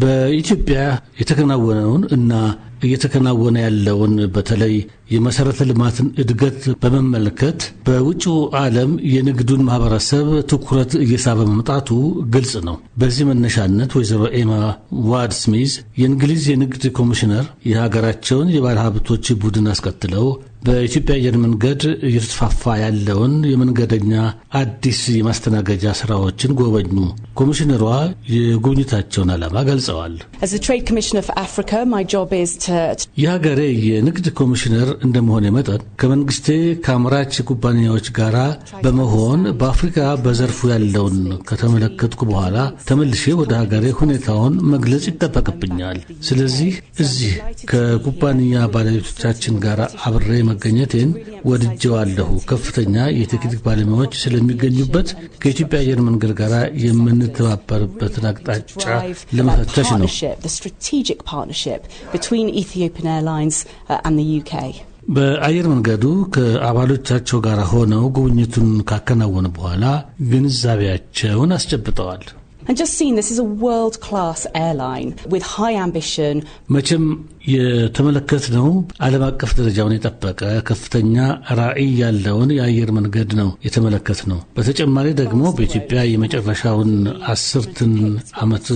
በኢትዮጵያ የተከናወነውን እና እየተከናወነ ያለውን በተለይ የመሰረተ ልማትን እድገት በመመልከት በውጭው ዓለም የንግዱን ማህበረሰብ ትኩረት እየሳበ መምጣቱ ግልጽ ነው። በዚህ መነሻነት ወይዘሮ ኤማ ዋድ ስሚዝ የእንግሊዝ የንግድ ኮሚሽነር የሀገራቸውን የባለ ሀብቶች ቡድን አስቀጥለው በኢትዮጵያ አየር መንገድ እየተስፋፋ ያለውን የመንገደኛ አዲስ የማስተናገጃ ስራዎችን ጎበኙ። ኮሚሽነሯ የጉብኝታቸውን ዓላማ ገልጸዋል። የሀገሬ የንግድ ኮሚሽነር እንደመሆነ መጠን ከመንግስቴ ከአምራች ኩባንያዎች ጋር በመሆን በአፍሪካ በዘርፉ ያለውን ከተመለከትኩ በኋላ ተመልሼ ወደ ሀገሬ ሁኔታውን መግለጽ ይጠበቅብኛል። ስለዚህ እዚህ ከኩባንያ ባለቤቶቻችን ጋር አብሬ መገኘቴን ወድጀዋለሁ። ከፍተኛ የቴክኒክ ባለሙያዎች ስለሚገኙበት ከኢትዮጵያ አየር መንገድ ጋር የምንተባበርበትን አቅጣጫ ለመፈተሽ ነው። በአየር መንገዱ ከአባሎቻቸው ጋር ሆነው ጉብኝቱን ካከናወኑ በኋላ ግንዛቤያቸውን አስጨብጠዋል። መቼም ነው። ዓለም አቀፍ ደረጃውን የጠበቀ ከፍተኛ ራዕይ ያለውን የአየር መንገድ ነው የተመለከት ነው። በተጨማሪ ደግሞ በኢትዮጵያ የመጨረሻውን አስርትን ዓመት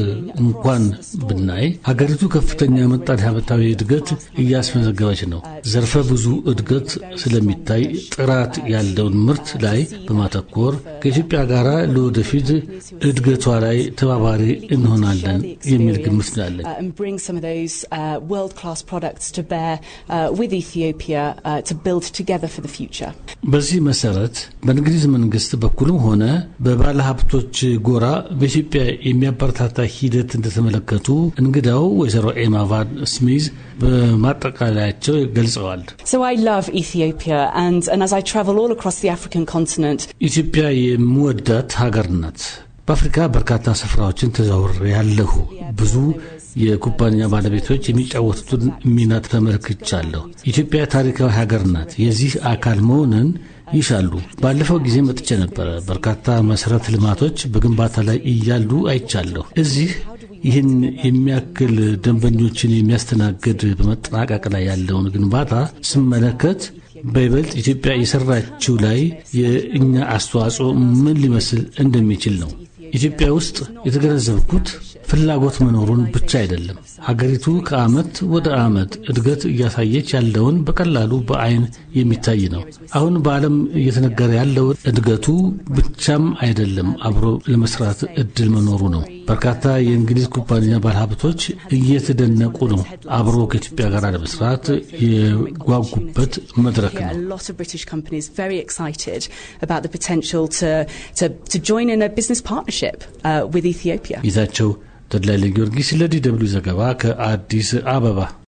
እንኳን ብናይ ሀገሪቱ ከፍተኛ ምጣኔ ሀብታዊ እድገት እያስመዘገበች ነው። ዘርፈ ብዙ እድገት ስለሚታይ ጥራት ያለውን ምርት ላይ በማተኮር ከኢትዮጵያ ጋር ለወደፊት እድገቷ ላይ ተባባሪ እንሆናለን የሚል ግምት ስላለን uh, uh, uh, በዚህ መሰረት በእንግሊዝ መንግስት በኩልም ሆነ በባለ ሀብቶች ጎራ በኢትዮጵያ የሚያበረታታ ሂደት እንደተመለከቱ እንግዳው ወይዘሮ ኤማ ቫን ስሚዝ በማጠቃለያቸው ገልጸዋል። ኢትዮጵያ የምወዳት ሀገር ናት። በአፍሪካ በርካታ ስፍራዎችን ተዛውር ያለሁ ብዙ የኩባንያ ባለቤቶች የሚጫወቱትን ሚና ተመልክቻለሁ። ኢትዮጵያ ታሪካዊ ሀገር ናት። የዚህ አካል መሆንን ይሻሉ። ባለፈው ጊዜ መጥቼ ነበረ። በርካታ መሰረት ልማቶች በግንባታ ላይ እያሉ አይቻለሁ። እዚህ ይህን የሚያክል ደንበኞችን የሚያስተናግድ በመጠናቀቅ ላይ ያለውን ግንባታ ስመለከት በይበልጥ ኢትዮጵያ የሰራችው ላይ የእኛ አስተዋጽኦ ምን ሊመስል እንደሚችል ነው ኢትዮጵያ ውስጥ የተገነዘብኩት ፍላጎት መኖሩን ብቻ አይደለም። ሀገሪቱ ከዓመት ወደ ዓመት እድገት እያሳየች ያለውን በቀላሉ በአይን የሚታይ ነው። አሁን በዓለም እየተነገረ ያለው እድገቱ ብቻም አይደለም፣ አብሮ ለመስራት እድል መኖሩ ነው። በርካታ የእንግሊዝ ኩባንያ ባለሀብቶች እየተደነቁ ነው። አብሮ ከኢትዮጵያ ጋር ለመስራት የጓጉበት መድረክ ነው። uh, ጌታቸው ተድላ ኃይለ ለዲ ደብልዩ ዘገባ ከአዲስ አበባ